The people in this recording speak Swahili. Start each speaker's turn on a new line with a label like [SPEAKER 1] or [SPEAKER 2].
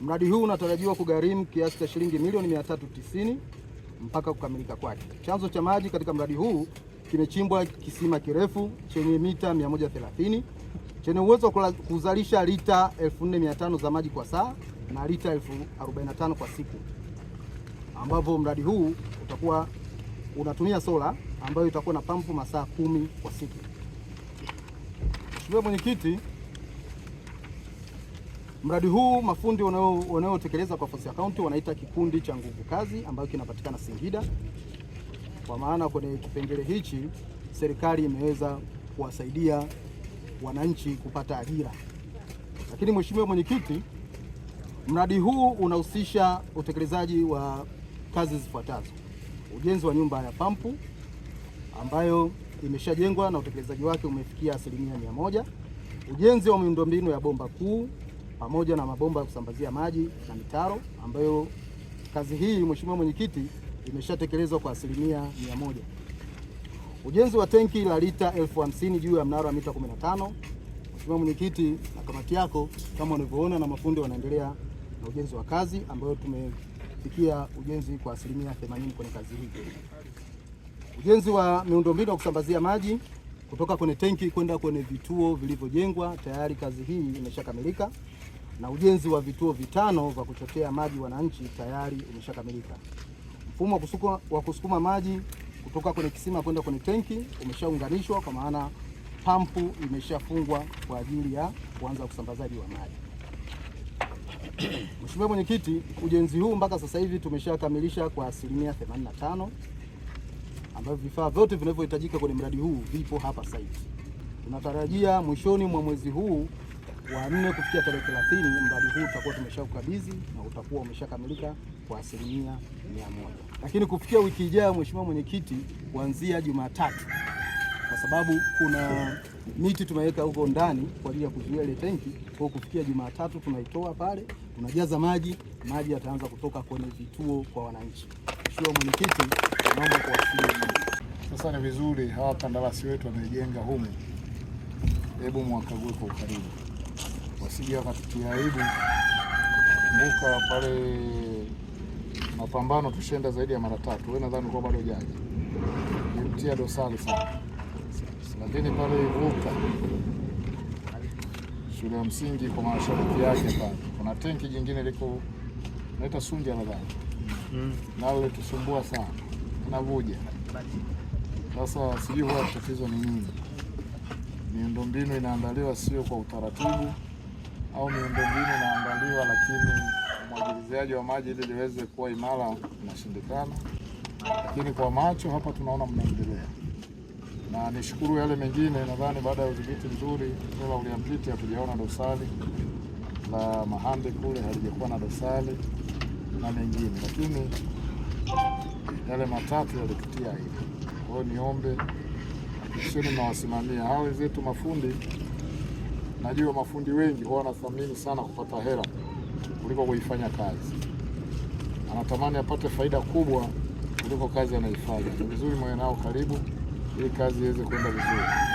[SPEAKER 1] Mradi huu unatarajiwa kugharimu kiasi cha shilingi milioni 390 mpaka kukamilika kwake. Chanzo cha maji katika mradi huu kimechimbwa kisima kirefu chenye mita 130 chenye uwezo wa kuzalisha lita 4500 za maji kwa saa na lita 1045 kwa siku, ambapo mradi huu utakuwa unatumia sola ambayo itakuwa na pampu masaa kumi kwa siku. Mheshimiwa Mwenyekiti, mradi huu mafundi wanaotekeleza kwa Fosia County wanaita kikundi cha nguvu kazi ambayo kinapatikana Singida. Kwa maana kwenye kipengele hichi serikali imeweza kuwasaidia wananchi kupata ajira, lakini Mheshimiwa Mwenyekiti, mradi huu unahusisha utekelezaji wa kazi zifuatazo: ujenzi wa nyumba ya pampu ambayo imeshajengwa na utekelezaji wake umefikia asilimia mia moja. Ujenzi wa miundombinu ya bomba kuu pamoja na mabomba ya kusambazia maji na mitaro ambayo kazi hii Mheshimiwa Mwenyekiti imeshatekelezwa kwa asilimia mia moja. Ujenzi wa tenki la lita elfu hamsini juu ya mnara wa mita 15. Mheshimiwa Mwenyekiti na kamati yako kama unavyoona na mafundi wanaendelea na ujenzi wa kazi ambayo tumefikia ujenzi kwa asilimia 80 kwenye kazi hii. Ujenzi wa miundombinu ya kusambazia maji kutoka kwenye tenki kwenda kwenye vituo vilivyojengwa tayari, kazi hii imeshakamilika na ujenzi wa vituo vitano vya kuchotea maji wananchi tayari umeshakamilika. Mfumo wa kusukuma maji kutoka kwenye kisima kwenda kwenye tenki umeshaunganishwa kwa maana pampu imeshafungwa kwa ajili ya kuanza usambazaji wa maji. Mheshimiwa Mwenyekiti, ujenzi huu mpaka sasa hivi tumeshakamilisha kwa asilimia 85 ambavyo vifaa vyote vinavyohitajika kwenye mradi huu vipo hapa site. Tunatarajia mwishoni mwa mwezi huu wa nne kufikia tarehe 30 mradi huu utakuwa tumeshaukabidhi na utakuwa umeshakamilika kwa asilimia mia moja, lakini kufikia wiki ijayo, Mheshimiwa Mwenyekiti, kuanzia Jumatatu, kwa sababu kuna miti tumeweka huko ndani kwa ajili ya kuzuia ile tenki. Kwa kufikia Jumatatu tunaitoa pale, tunajaza maji, maji yataanza kutoka kwenye vituo kwa wananchi. Mheshimiwa Mwenyekiti, naomba kuwasilisha
[SPEAKER 2] sasa. Ni vizuri hawa kandarasi wetu wamejenga humu, hebu mwakague kwa ukaribu, wasije wakatutia aibu. Kumbuka pale mapambano tushenda zaidi ya mara tatu, wewe nadhani kwa bado jaji nilimtia dosari sana, lakini pale Ivuka shule ya msingi kwa mashariki yake pale kuna tenki jingine liko naita Sunja nadhani nalo mm. tusumbua sana navuja sasa, sijui huwa tatizo ni nini. Miundombinu inaandaliwa sio kwa utaratibu, au miundombinu inaandaliwa lakini umwagiliziaji wa maji ili liweze kuwa imara inashindikana. Lakini kwa macho hapa tunaona mnaendelea, na nishukuru yale mengine. Nadhani baada ya udhibiti mzuri la uliampiti hatujaona dosari la mahande kule halijakuwa na dosari na mengine, lakini yale matatu yalitutia hivi. Kwa hiyo niombe akikisheni mnawasimamia hawa wenzetu mafundi. Najua mafundi wengi huwa wanathamini sana kupata hela kuliko kuifanya kazi, anatamani apate faida kubwa kuliko kazi anaifanya. Ni vizuri mwe nao karibu ili kazi iweze kwenda vizuri.